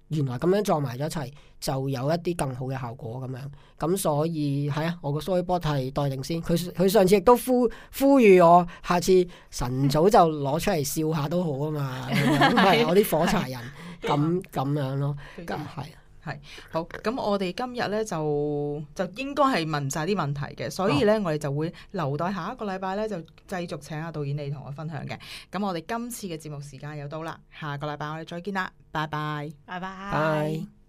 原來咁樣撞埋咗一齊就有一啲更好嘅效果咁樣，咁所以係啊，我個 storyboard 係待定先。佢佢上次亦都呼呼籲我，下次晨早就攞出嚟笑下都好啊嘛，咁咪、 啊、我啲火柴人咁咁 樣，樣咯，咁係、 啊。係好，咁我哋今日咧就就應該係問晒啲問題嘅，所以咧、哦、我哋就會留待下一個禮拜咧就繼續請阿導演你同我分享嘅。咁我哋今次嘅節目時間又到啦，下個禮拜我哋再見啦，拜拜，拜拜，拜。